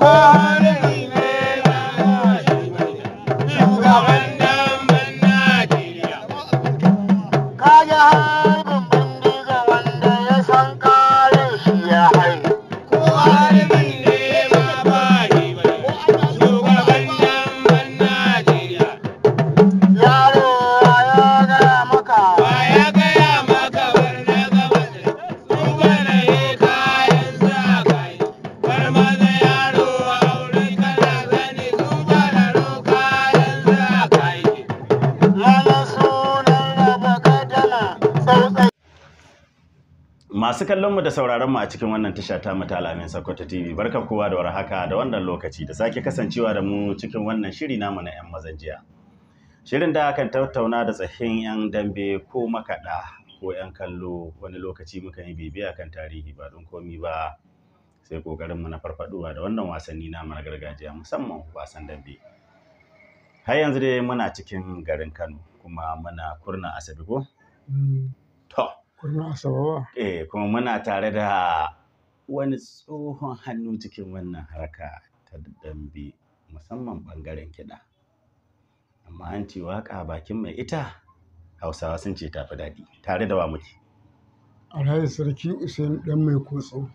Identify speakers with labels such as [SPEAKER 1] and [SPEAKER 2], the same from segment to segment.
[SPEAKER 1] Hare Masu kallonmu da sauraronmu a cikin wannan tasha ta mata alamin Sokoto TV barka kowa da warhaka da wannan lokaci da sake kasancewa da mu cikin wannan shiri namu na 'yan jiya. Shirin da kan tattauna da tsahin 'yan dambe ko makaɗa ko 'yan kallo wani lokaci muka yi bibiya kan tarihi ba don komi ba sai ƙoƙarinmu na farfaɗuwa da wannan wasanni namu na gargajiya musamman wasan dambe. Har yanzu dai muna cikin garin Kano kuma muna kurna Asabe ko Mm. Eh, kuma muna tare da wani tsohon hannu cikin wannan harka ta dambe musamman ɓangaren kiɗa. Amma an ce waƙa bakin mai ita Hausawa sun ce tafi daɗi tare da wa muke.
[SPEAKER 2] Alhaji Sarki Usain ɗan mai kotso.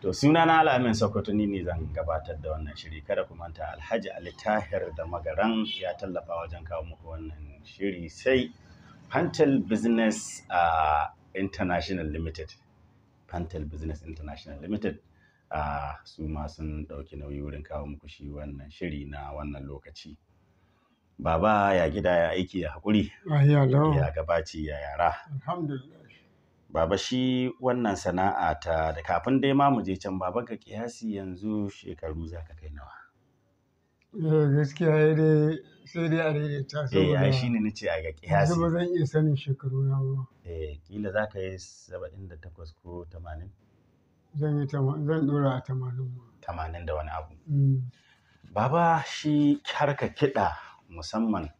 [SPEAKER 1] To suna na Al'amin Sokoto ne zan gabatar da wannan shiri kada ku manta Alhaji Ali Tahir da Magaran ya tallafa wajen kawo muku wannan shiri sai Pantel Business uh, International Limited. Pantel Business International Limited uh, su ma sun ɗauki nauyi wurin kawo muku shi wannan shiri na wannan lokaci. Baba ya gida ya aiki ya haƙuri.
[SPEAKER 2] Ya
[SPEAKER 1] gabaci ya yara. Baba shi wannan sana'a ta da kafin dai ma mu je can baba ga kiyasi yanzu shekaru za ka kai nawa.
[SPEAKER 2] Eh, gaskiya dai sai dai a daidaita saboda eh ai shine nace a ga kiyasi ba zan iya sanin shekaru na ba
[SPEAKER 1] eh kila zaka yi 78 ko 80
[SPEAKER 2] zan yi zan dora a 80
[SPEAKER 1] 80 da wani abu mm. baba shi harka kiɗa musamman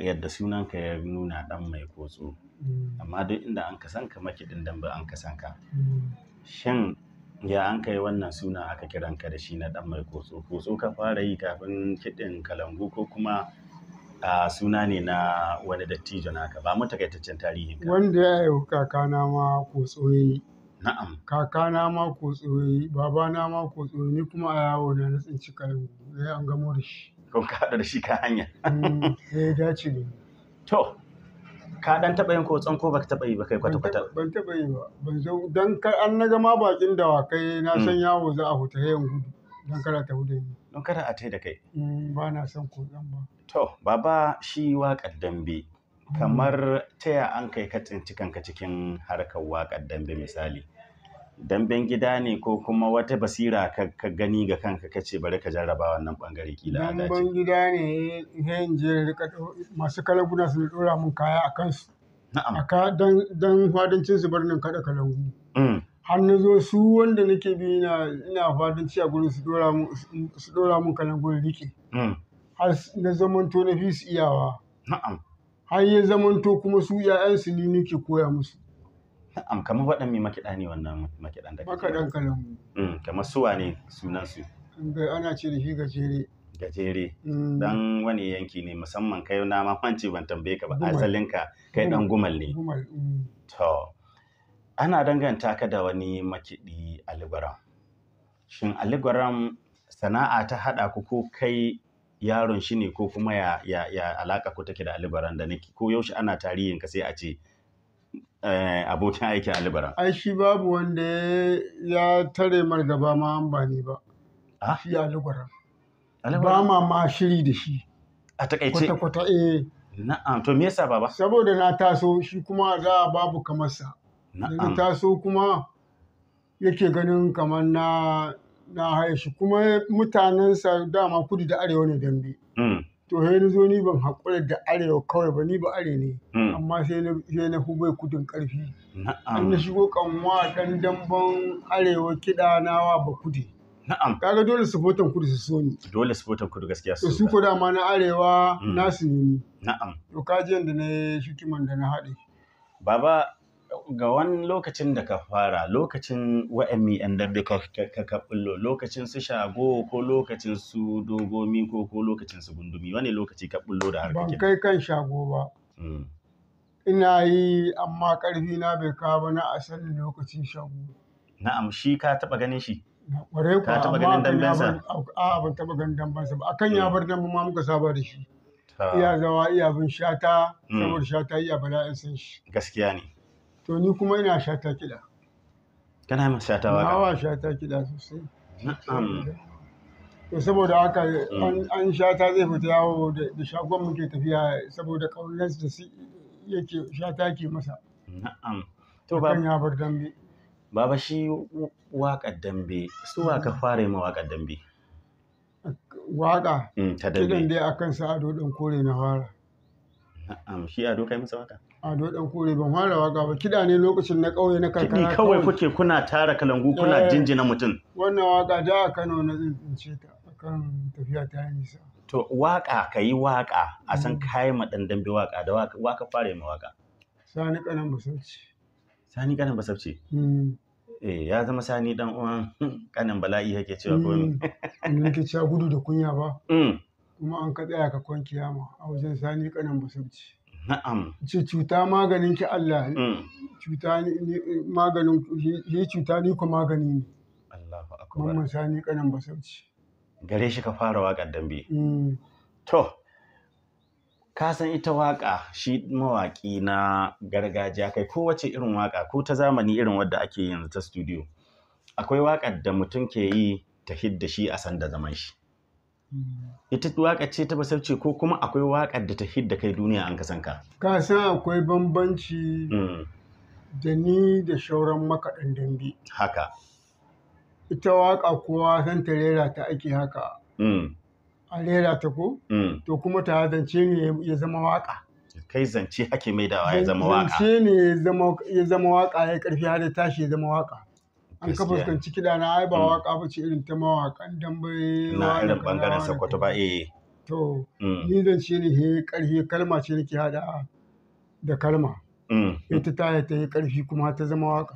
[SPEAKER 1] yadda sunanka ya nuna dan mai kotso mm. amma duk inda an ka san ka makiɗin dan ba an ka san ka mm. shin ya an kai wannan suna aka kiran ka da shi na ɗan mai kotso kotso ka fara yi kafin kiɗin kalangu ko kuma a suna ne na wani dattijo naka ba mu takaitaccen tarihin
[SPEAKER 2] ka wanda ya yi kakana ma kotso yi na'am kakana ma kotso yi babana ma kotso yi ni kuma a yawo na na tsinci kalangu sai an gamo da shi
[SPEAKER 1] ko ka haɗu da shi ka hanya
[SPEAKER 2] mm, ya dace ne
[SPEAKER 1] to ka dan taɓa yin kotson ko baka taɓa yi ba kai kwata-kwata
[SPEAKER 2] ban taɓa yi ba ban zo dan kar an naga ma bakin kai na san mm. yawo za a huta yayin gudu dan kada ta hude ni don kada a taida da kai mm, ba na son kotson ba
[SPEAKER 1] to baba shi waƙar dambe mm. kamar taya an kai katsin tsinci ka cikin harkar waƙar dambe misali damben gida ne ko kuma wata basira ka gani ga kanka ka ce bari ka jarraba wannan bangare
[SPEAKER 2] kila a dace damben gida ne yayin je masu kalaguna su dora mun kaya a kansu na'am aka dan dan fadancin su barnin kada kalangu mm. har na zo su wanda nake bi ina ina fadanci a gurin su dora mun su dora mun kalangu rike mm. har na zamanto na fi su iyawa na'am har ya zamanto kuma su su ni nake koya musu am kamar waɗanne makiɗa ne wannan makiɗan da makaɗan kalangu
[SPEAKER 1] mm, kamar suwa ne sunan su
[SPEAKER 2] ana ce da shi gajere gajere mm. dan
[SPEAKER 1] wani yanki ne musamman kai na ma kwanci ban tambaye ka ba asalin ka kai dan gumal ne
[SPEAKER 2] mm.
[SPEAKER 1] to ana danganta ka da wani makiɗi aligwaram shin aligwaram sana'a ta haɗa ku ko kai yaron shi ne ko kuma ya, ya, ya alaƙa ku take da aligwaram da nake ko yaushe ana tarihin ka sai a ce Eh, abokin aiki alibara.
[SPEAKER 2] Ai shi babu wanda ya tare mar gaba ma an ba ni ba. Shi alibara. Ba ma ma shiri da shi. A takaice. Kwata-kwata eh. Na'am to me yasa baba? Saboda na taso shi kuma a babu kamar sa. Na'am. Na taso kuma yake ganin kamar na na haishi. kuma kuma sa dama kudu da arewa ne dambe. Mm. to sai na zo ni ban haƙura da arewa kawai ba ni ba are ne hmm. amma sai na sai bai kudin ƙarfi an na shigo kanwa dan damban arewa kiɗa nawa ba kudi na'am
[SPEAKER 1] kaga dole supportan kudu su so ni dole supportan kudu gaskiya
[SPEAKER 2] su su ko ma na arewa hmm. nasu
[SPEAKER 1] ne na'am
[SPEAKER 2] to kaji yanda na shikiman da na haɗe baba
[SPEAKER 1] ga wani lokacin da ka fara lokacin wa'anni yan dambe ka ka bullo lokacin su shago ko lokacin su dogomi ko ko lokacin su gundumi wani lokaci ka bullo da harkar ban kai
[SPEAKER 2] kan shago ba mm. ina yi amma karfi na bai kawo ba na asalin lokacin shago
[SPEAKER 1] na'am shi ka taba ganin shi
[SPEAKER 2] ƙware ka taba ganin damben sa a ban taba ganin damben sa ba akan ya mm. bar damben ma muka saba da shi iya zawa iya bin shata mm. saboda shata iya bala'in san shi gaskiya ne to ni kuma ina shata kiɗa
[SPEAKER 1] kana ma shata waka
[SPEAKER 2] hawa shata kiɗa sosai
[SPEAKER 1] na'am
[SPEAKER 2] to saboda haka mm. an shata zai fita yawo da shagon muke tafiya saboda kaunar da yake shata ke masa na'am to ba ya bar dambe
[SPEAKER 1] baba shi waƙar dambe su waka fara ma waƙar dambe waƙa mm, ta dambe kiɗan
[SPEAKER 2] dai akan sa'ado ɗin kore na fara
[SPEAKER 1] shi ado kai masa waka
[SPEAKER 2] ado dan kore ban fara waka ba kiɗa ne lokacin na ƙauye na karkara Kidi kawai kuke
[SPEAKER 1] kuna tara kalangu kuna eh, jinjina mutum
[SPEAKER 2] wannan waka da Kano na tsince ta akan tafiya ta nisa
[SPEAKER 1] to waka ka yi waka a san mm. kayi ma dan dambe waka da waka waka fare ma waka
[SPEAKER 2] sani kanan basabci
[SPEAKER 1] sani kanan basabci mm. eh ya zama sani dan uwan kanan bala'i
[SPEAKER 2] yake cewa ko ne mm. ke cewa gudu da kunya ba kuma an ka tsaya ka kwan kiyama a wajen sani kanan basabci na'am ce cuta maganin ki Allah cuta maganin yi cuta ni ku magani ne Allahu akbar mamman sani kanan basabci
[SPEAKER 1] gare shi ka fara waƙar dambe mm. to ka san ita waƙa shi mawaƙi na gargajiya kai kowace irin waƙa ko ta zamani irin wadda ake yanzu ta studio akwai waƙar da mutum ke yi ta hidda shi a sanda zaman shi ita waƙa ce ta basarci ko kuma akwai wakar da ta hidda kai duniya an kasanka
[SPEAKER 2] ka san akwai bambanci mm. da ni da shauran makaɗan dambe haka ita waƙa kowa san ta rera ta ake haka mm. a rera ta ko mm. to kuma ta zance ne ya zama waƙa
[SPEAKER 1] kai zance hake maidawa ya zama waƙa
[SPEAKER 2] zance ne ya zama waƙa ya ƙarfi har da tashi ya zama waƙa an kan ciki da na ai ba mm. waka ba ce irin ta mawaƙan dambe na irin bangaren sokoto ba eh to mm. ni zan ce ne he karfi kalma ce nake haɗa da kalma
[SPEAKER 1] mm. ita
[SPEAKER 2] ta yi ta yi karfi kuma ta zama waka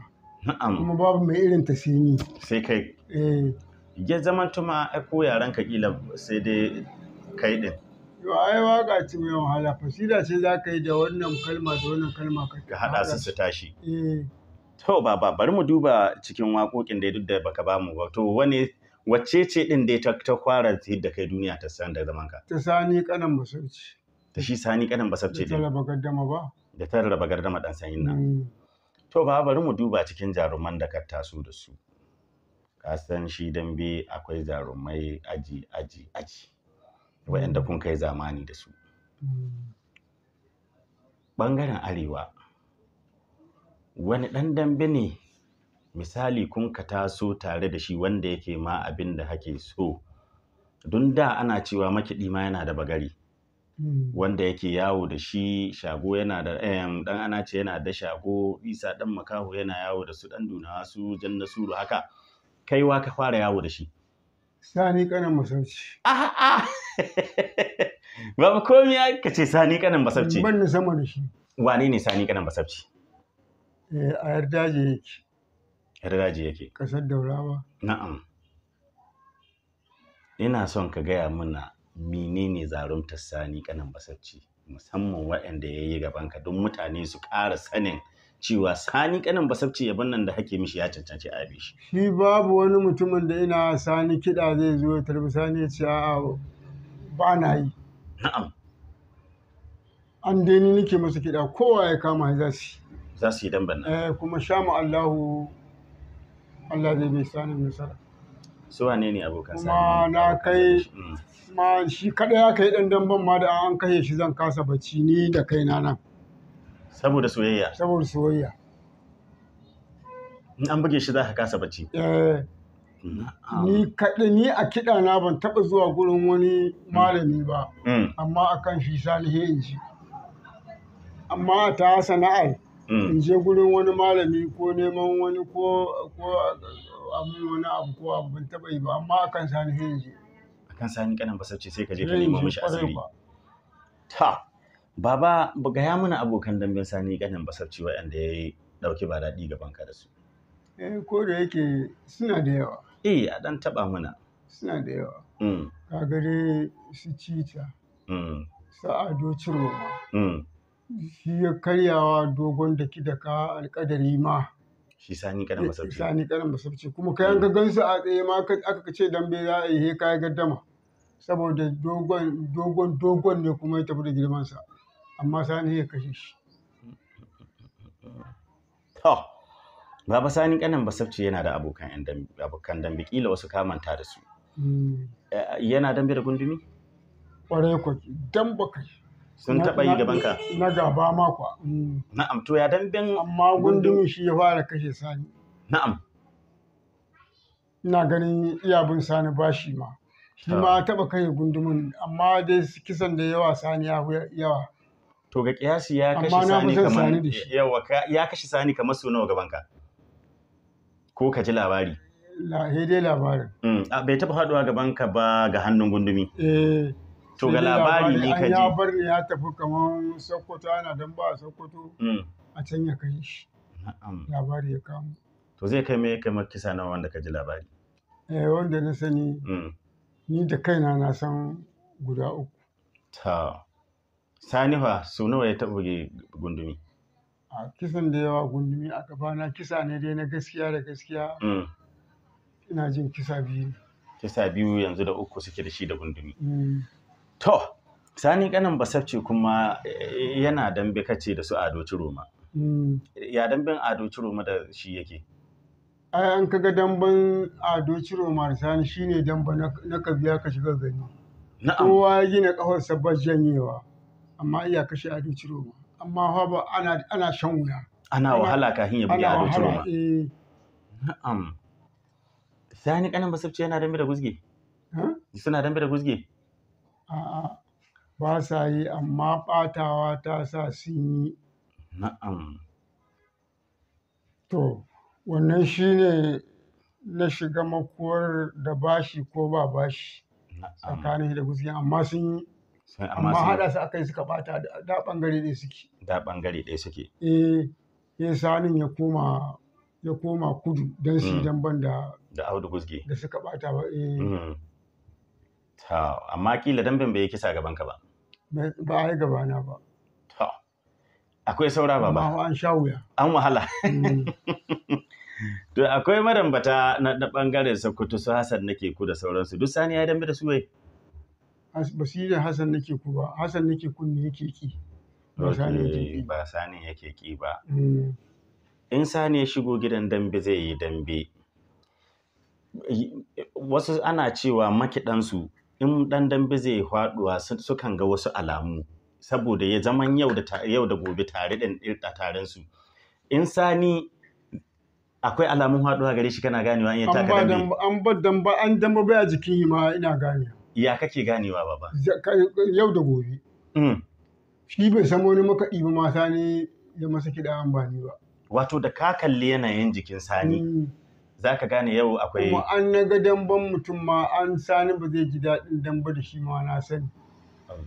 [SPEAKER 2] kuma babu mai irin ta sini sai kai eh
[SPEAKER 1] ya zaman tuma ko yaran ka kila sai dai kai din
[SPEAKER 2] ai waka ce mai wahala fasida ce za ka yi da wannan kalma da wannan kalma
[SPEAKER 1] ka haɗa su su tashi eh To baba bari mu duba cikin waƙoƙin da duk da baka ba mu ba. To wani wacce ce din dai ta ta kwara da kai duniya ta san da zaman ka?
[SPEAKER 2] Ta sani kanan basabce.
[SPEAKER 1] Ta shi sani kanan basabce din.
[SPEAKER 2] Da tarraba gardama ba.
[SPEAKER 1] Da tarraba gardama dan sanyin nan. Mm. To baba bari mu duba cikin jaruman da ka taso da su. Ka san shi dambe akwai jarumai aji aji aji. Wayanda mm. kun kai zamani da su. Bangaren mm. arewa wani ɗan dambe ne misali kun ka taso tare da shi wanda yake ma abin da hake so don da ana cewa makiɗi ma yana da bagari hmm. wanda yake yawo da shi shago yana da ɗan ana ce yana da shago isa ɗan makaho yana yawo da su ɗan duna su jan suru haka kaiwa ka fara yawo da shi
[SPEAKER 2] sani kanan masauci a'a
[SPEAKER 1] ba komi ka ce sani kanan masauci ban sama da shi wane ne sani kanan masauci Eh, a yake yake
[SPEAKER 2] Ƙasar daurawa
[SPEAKER 1] na'am ina son ka gaya mana menene zarumtar sani kanan basacci musamman waɗanda ya yi gabanka don mutane su ƙara sanin cewa sani kanan basabci yaban nan da hake mishi ya cancanci a shi.
[SPEAKER 2] Shi babu wani mutumin da ina sani kiɗa zai zo ya tarbi sani ya ce a ba na yi. Na'am. An dai ni nake masa kiɗa kowa ya kama ya zasu.
[SPEAKER 1] za su yi dan banna
[SPEAKER 2] eh kuma sha mu Allahu Allah zai bai sani nasara
[SPEAKER 1] su wane ne abokan sani kuma
[SPEAKER 2] na kai mm. ma shi kada ya kai dan damban ma da an kashe shi zan kasa bacci ni da kaina nan
[SPEAKER 1] saboda soyayya
[SPEAKER 2] saboda soyayya
[SPEAKER 1] in an buge shi za ka kasa bacci eh mm.
[SPEAKER 2] ni kaɗai ni a kiɗa na ban taɓa zuwa gurin wani malami ba mm. amma akan shi salihin ji amma ta sana'ar Mm. in je gurin wani malami ko neman wani ko abin wani abu ko abu ban taɓa yi ba amma akan sani sai in je akan sani kanan basarci sai ka je ka nemi mishi asiri
[SPEAKER 1] ta baba ya muna abokan damben sani kanan basarci waɗanda ya dauke ba daɗi gaban ka da su
[SPEAKER 2] eh ko da yake suna da yawa
[SPEAKER 1] eh a dan taɓa mana
[SPEAKER 2] suna da yawa mm. ka gare su cita mm. sa'ado ado ciroma shi ya karyawa dogon da ki da ka alƙadari ma shi sani kanan masabci sani kanan masarci. kuma hmm. ka yanka gansu a tsaye ma aka ce dambe za a yi he kai gaddama saboda dogon dogon dogon ne kuma ya tafi da girman sa amma sani ya kashe shi
[SPEAKER 1] to baba sani ƙanan basabci yana da abokan dambe abokan dambe wasu kamanta da su hmm. eh, yana dambe da gundumi
[SPEAKER 2] kwarai kwa dambe.
[SPEAKER 1] bakai sun taɓa yi gaban ka
[SPEAKER 2] na gaba makwa mm. na'am to ya damben amma gundumin shi ya fara kashe sani na'am ina ganin bin sani bashi ma shi ma taɓa kashe gundumin amma dai kisan da yawa sani ya yawa to ga kiyasi
[SPEAKER 1] ya kashe sani kamar yawa ya kashe sani kamar su nawa gaban ka ko ka ji labari
[SPEAKER 2] la dai labarin
[SPEAKER 1] mm, bai taɓa haɗuwa gaban ka ba ga hannun gundumi eh to ga labari ne ka je. ya
[SPEAKER 2] bar ne ya tafi kaman sokoto ana dan ba sokoto mm. a can ya kai shi labari ya kamo
[SPEAKER 1] to zai kai me kai ma kisa nawa wanda ka ji labari
[SPEAKER 2] eh wanda na sani mm. ni da kaina na san guda uku
[SPEAKER 1] ta fa su nawa ya taɓa gundumi
[SPEAKER 2] a kisan da yawa gundumi a gabana kisa ne dai na gaskiya da gaskiya mm. ina jin kisa biyu
[SPEAKER 1] kisa biyu yanzu da uku suke da shi da gundumi
[SPEAKER 2] to sani
[SPEAKER 1] kanin basafci kuma eh, yana dambe kace da su ado ciroma hmm. ya damben ado ciroma da shi yake
[SPEAKER 2] ai an kaga damben ado ciroma da sani shi ne damba na kabiya ka shiga gani kowa ya gina kafar sabbar janyewa amma iya kashe ado ciroma amma fa ba ana ana shan wuya ana wahala kafin ya buga ado ciroma eh. na'am sani kanin basafci
[SPEAKER 1] yana dambe da guzge suna dambe da guzge
[SPEAKER 2] A'a, ba sa yi amma ɓatawa ta sa sun yi. Na'am. To, wannan shi ne na shiga makuwar da bashi ko ba bashi tsakanin da gutsiya amma sun yi. Amma haɗa su aka yi suka ɓata da ɓangare ɗaya suke. Da ɓangare ɗaya suke. Eh, ya sanin ya koma ya koma kudu don su mm. dan ban da da Audu Guzge da suka ɓata ba eh.
[SPEAKER 1] Mm. ta amma kila dambin bai kisa gaban ka ba
[SPEAKER 2] ba a yi gabana ba
[SPEAKER 1] to akwai saura ba ba an sha wuya an wahala mm. to akwai marambata na bangaren Sokoto su Hassan nake ku da sauransu duk sani ya dambe da su wai
[SPEAKER 2] da Hassan nake ku ba Hassan nake kun ne yake ki ba
[SPEAKER 1] sani yake ki ba mm. in sani ya shigo gidan dambe zai yi dambe wasu ana cewa makidansu in ɗan dambe zai faɗuwa sukan ga wasu alamu saboda ya zaman yau da gobe tare da a taren su in sani akwai alamun faɗuwa gare shi kana ganewa in ya taka dambe
[SPEAKER 2] an ba damba an damba baya jikin yi ma ina gane
[SPEAKER 1] ya kake ganewa baba
[SPEAKER 2] yau da gobe mm. shi bai san wani makaɗi ba mata ne ya masa kiɗa an ba ni ba
[SPEAKER 1] wato da ka kalli yanayin jikin sani mm. za ka gane yau akwai kuma
[SPEAKER 2] an na ga damban mutum ma an sani ba zai ji daɗin damba da shi ma na sani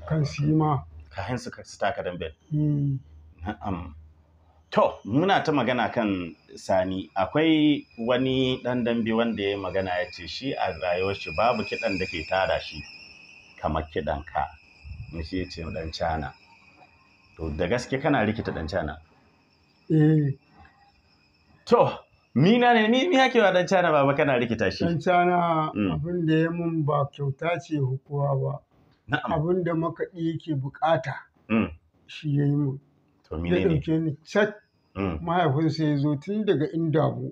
[SPEAKER 2] kan su yi ma
[SPEAKER 1] hin su taka dambe hmm. na'am to muna ta magana kan sani akwai wani ɗan dambe wanda ya magana ya ce shi a rayuwar shi babu kiɗan da ke tara shi kamar kiɗan ka shi ya ce ɗan cana to da gaske kana rikita ɗan cana eh to Mina ne ni ni wa dan cana baba kana rikita shi. Dan
[SPEAKER 2] cana mm. abin da ya mun ba kyauta ce hukuwa ba. Na'am. Abin da makaɗi yake bukata. Mm. Shi ya yi mun.
[SPEAKER 3] To mine ne. Ya ɗauke ni cat. Mm.
[SPEAKER 2] Mahaifinsa ya zo tun daga inda mu.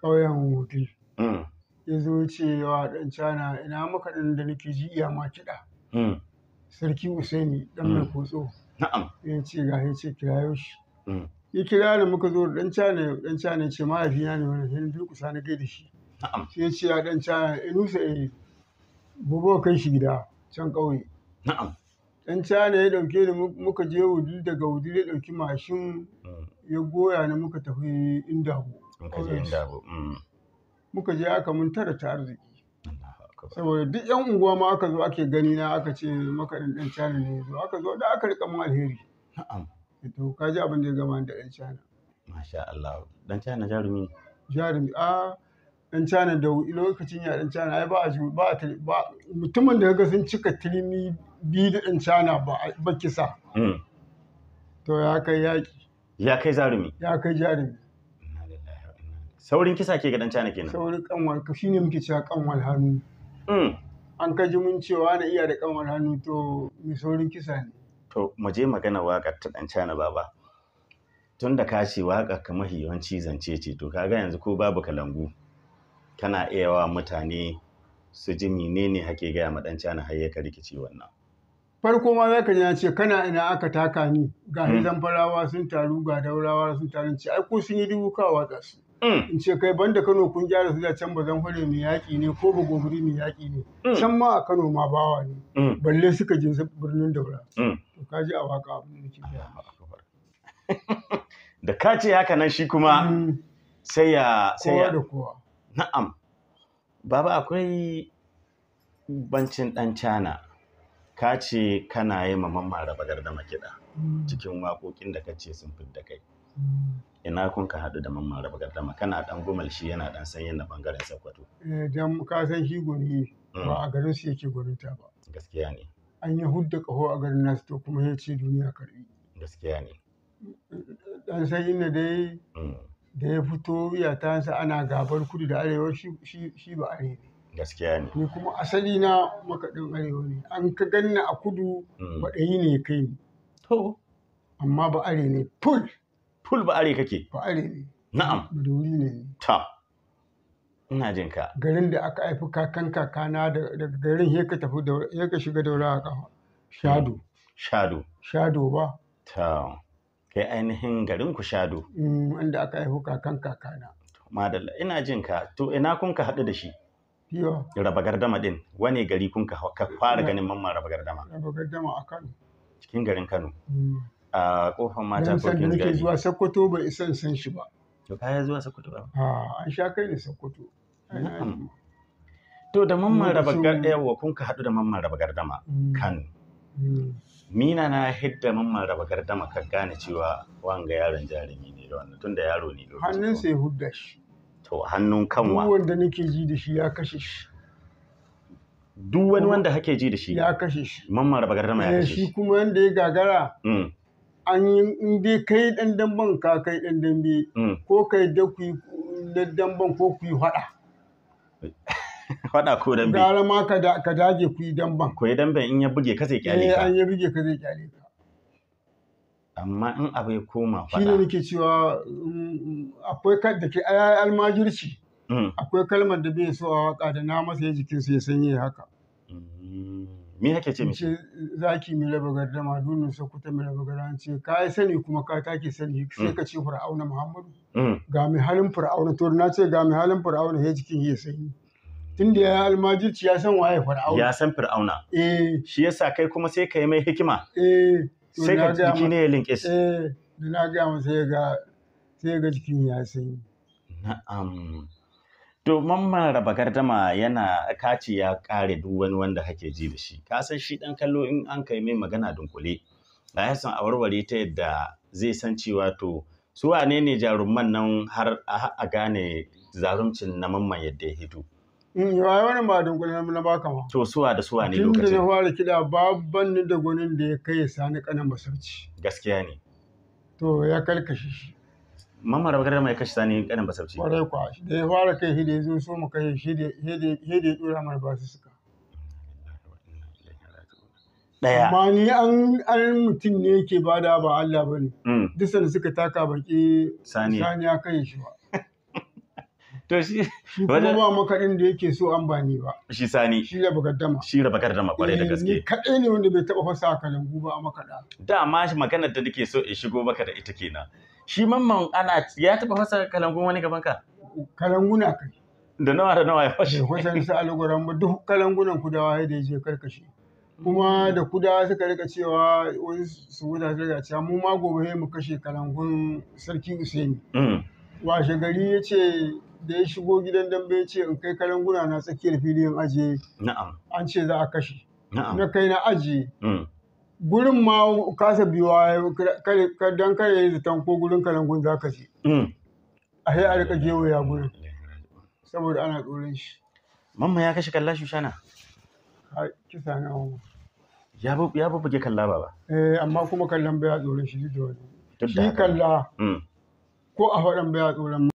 [SPEAKER 2] Ƙauyen Hoti. Ya zo wa dan cana ina makaɗin da nake ji iya ma
[SPEAKER 3] kiɗa.
[SPEAKER 2] Sarki Usaini dan mai kotso. Ya ce ga ya ce kirayo shi. yi kira ni muka zo dan cana dan cana ya ce mahaifina ne wani sai na durƙusa na gaida shi sai ya ce ya dan cana ya nusa ya eh, bubo kai shi gida can ƙauye na'am dan cana ya dauke mm. ni muka je wudil daga wudil ya dauki mashin ya goya na muka tafi inda
[SPEAKER 3] muka je inda mm.
[SPEAKER 2] muka je aka mun tara ta arziki saboda duk yan unguwa ma aka zo ake gani na aka ce makarin dan cana ne zo aka zo da aka rika mun alheri na'am Eh to ka ji abin da ya gama da ɗan China. Masha Allah. Ɗan China jarumi. Jarumi a ɗan China da lokacin ya ɗan China ai ba a ba ba mutumin da kaga sun cika tirmi biyu da ɗan China ba ba kisa. Hmm. To ya kai yaƙi.
[SPEAKER 1] Ya kai jarumi.
[SPEAKER 2] Ya kai jarumi.
[SPEAKER 1] Saurin kisa ke ga ɗan China kenan.
[SPEAKER 2] Saurin kanwal shi ne muke cewa kanwal hannu. Hmm. An kaji mun cewa na iya da kanwal hannu to mai saurin kisa ne.
[SPEAKER 1] to mu je magana waƙar ta ɗan cana baba tun da ka ce waƙar ka mahi yawanci zance ce to kaga yanzu ko babu kalangu kana iya wa mutane su ji menene hake gaya ma ɗan cana har ya rikici wannan
[SPEAKER 2] farko ma za ka ji ce kana ina aka taka ni ga hmm. zamfarawa sun taru ga daurawa sun taru ce ai ko sun yi dubu kawa waƙar Mm. in ce kai banda Kano kun gyara su da can zan hore mai yaƙi ne ko ba gobiri mai yaƙi ne mm. can ma a Kano ma bawa ne mm. balle suka je birnin Daura to ka ji a waka abin da ke gaya
[SPEAKER 1] da ka ce haka nan shi kuma sai ya sai ya da kowa na'am baba akwai bancin dan cana ka ce kana yi ma mamman raba gardama kiɗa cikin waƙoƙin da ka ce sun da kai ina kun ka haɗu da mamman raba gardama kana ɗan gumal shi yana ɗan sanyin na ɓangaren sakwato.
[SPEAKER 2] Idan eh, ka san shi gwani mm. ba a garin su yake ta ba. Gaskiya ne. An yi hudda ƙaho a garin nasu to kuma ya ce duniya karbi. Gaskiya ne. Ɗan sanyin na dai mm. da ya fito ya tansa ana gabar kudu da arewa shi ba arewa.
[SPEAKER 1] Gaskiya ne. Ni
[SPEAKER 2] kuma asali na makaɗin arewa ne. An ka ganna a kudu mm. baɗayi ne kai. To. Amma ba are ne. Pul. ful ba are kake ba ne na'am wuri ne ta ina jin ka garin da aka haifi kakan kakana da garin ya ka tafi da ya ka shiga daura a kafa shado
[SPEAKER 1] hmm. shado shado ba ta kai ainihin garin ku shado
[SPEAKER 2] mm, inda aka haifi kakan kakana
[SPEAKER 1] madalla ina jin ka to ina kun ka haɗu da shi raba gardama din wani gari kun ka fara ganin mamman raba gardama
[SPEAKER 2] raba gardama a Kano
[SPEAKER 1] cikin garin Kano mm. a kofar mata ko kin gari zuwa
[SPEAKER 2] Sokoto bai isa san shi ba to kaya zuwa Sokoto ba a an sha kai da Sokoto
[SPEAKER 1] to da mamman raba yawa kun ka haɗu da mamman raba gardama mm. Kano mm. mina na hidda mamman raba gardama ka gane cewa wanga yaron jarumi ne da wannan tunda yaro ne
[SPEAKER 2] hannun sai hudda shi
[SPEAKER 1] to hannun kanwa duk wanda
[SPEAKER 2] nake ji da shi ya kashe shi
[SPEAKER 1] duk wani wanda hake ji da shi ya kashe shi mamman raba gardama ya eh, kashe
[SPEAKER 2] shi shi kuma wanda ya gagara mm. an yi in kai dan damban ka kai dan dambe hmm. ko kai da ku dan damban ko ku yi hada
[SPEAKER 1] hada ko dambe gara ma ka da ka dage ku yi damban ko yi damban in ya buge ka kyale eh, ka an
[SPEAKER 2] ya buge ka kyale ka
[SPEAKER 1] amma in abu ya koma fada shine
[SPEAKER 2] nake cewa mm, akwai kan da ke almajirci hmm. akwai kalmar da bai so a waka da na masa ya jikinsu ya sanye haka hmm. me kake ce mishi zaki mi raba gardama dunin sokoto mi raba gardama ce ka yi sani kuma ka take sani mm. sai ka ce fir'auna muhammadu mm. ga mai halin fir'auna to na ce ga mai halin fir'auna ya jikin ya sani tun da ya almajirci ya san waye fir'auna ya san fir'auna eh shi yasa kai kuma sai ka yi mai hikima eh
[SPEAKER 1] sai ka jiki ne ya linke shi
[SPEAKER 2] eh na ga mu sai ga sai ga jikin ya sani.
[SPEAKER 1] na'am To mamman raba gardama yana kaci ya kare duk wani wanda hake ji da shi. Ka san shi ɗan kallo in an kai mai magana dunkule. Ba ya san a warware ta yadda zai san cewa to su wane ne jarumman nan har a gane zaruncin na mamman yadda ya hito.
[SPEAKER 2] Mm, Yawai wani ba dunkule na baka ma.
[SPEAKER 1] To suwa da suwa ne lokacin. Tun da na
[SPEAKER 2] fara kiɗa babban da gwanin da ya kai sani kanan basarci. Gaskiya ne. To ya kalkashe shi.
[SPEAKER 1] Mamman Rabi Garba mai kashe sani ƙanin basauci. Kwarai
[SPEAKER 2] kwa, da ya fara kai shi da ya zo so mu kai shi da ya ɗora mai ba su suka. daya Amma ni an mutum ne yake bada ba Allah ba ne. Mm. Duk sanda suka taka baki sani ya kai shi ba. To shi kuma ba makarin da yake so an bani ba.
[SPEAKER 1] Shi sani. Shi raba gardama. Shi raba gardama kwarai da eh, gaske. Ni
[SPEAKER 2] kaɗai ne wanda bai taɓa fasa kalangu ba a
[SPEAKER 1] Da Dama shi maganar da nake so in shigo maka da ita kenan.
[SPEAKER 2] shi mamman ana ya taɓa fasa kalangun wani gaban ka kalanguna kai da nawa da
[SPEAKER 1] nawa ya fashe wasan sa
[SPEAKER 2] algoran ba duk kalangunan kudawa da je karkashe kuma da kudawa suka rika cewa wani su wuta su rika cewa mu ma gobe mu kashe kalangun sarki Usaini mm. washe gari ya ce da ya shigo gidan dambe ya ce in kai kalanguna na tsakiyar filin ajiye an ce za a kashe na kai na ajiye mm. gurin ma kasa biyuwa don kare ya zaton ko gurin gun za ka je. Hmm. A sai a jewo ya gurin saboda ana tsoron shi. Mamma ya kashe kalla shushana? A kisa na hawa. Ya bubbuge kalla ba ba? Eh amma kuma kallon baya tsoron shi da wani. Shi kalla hmm. ko a faɗan baya tsoron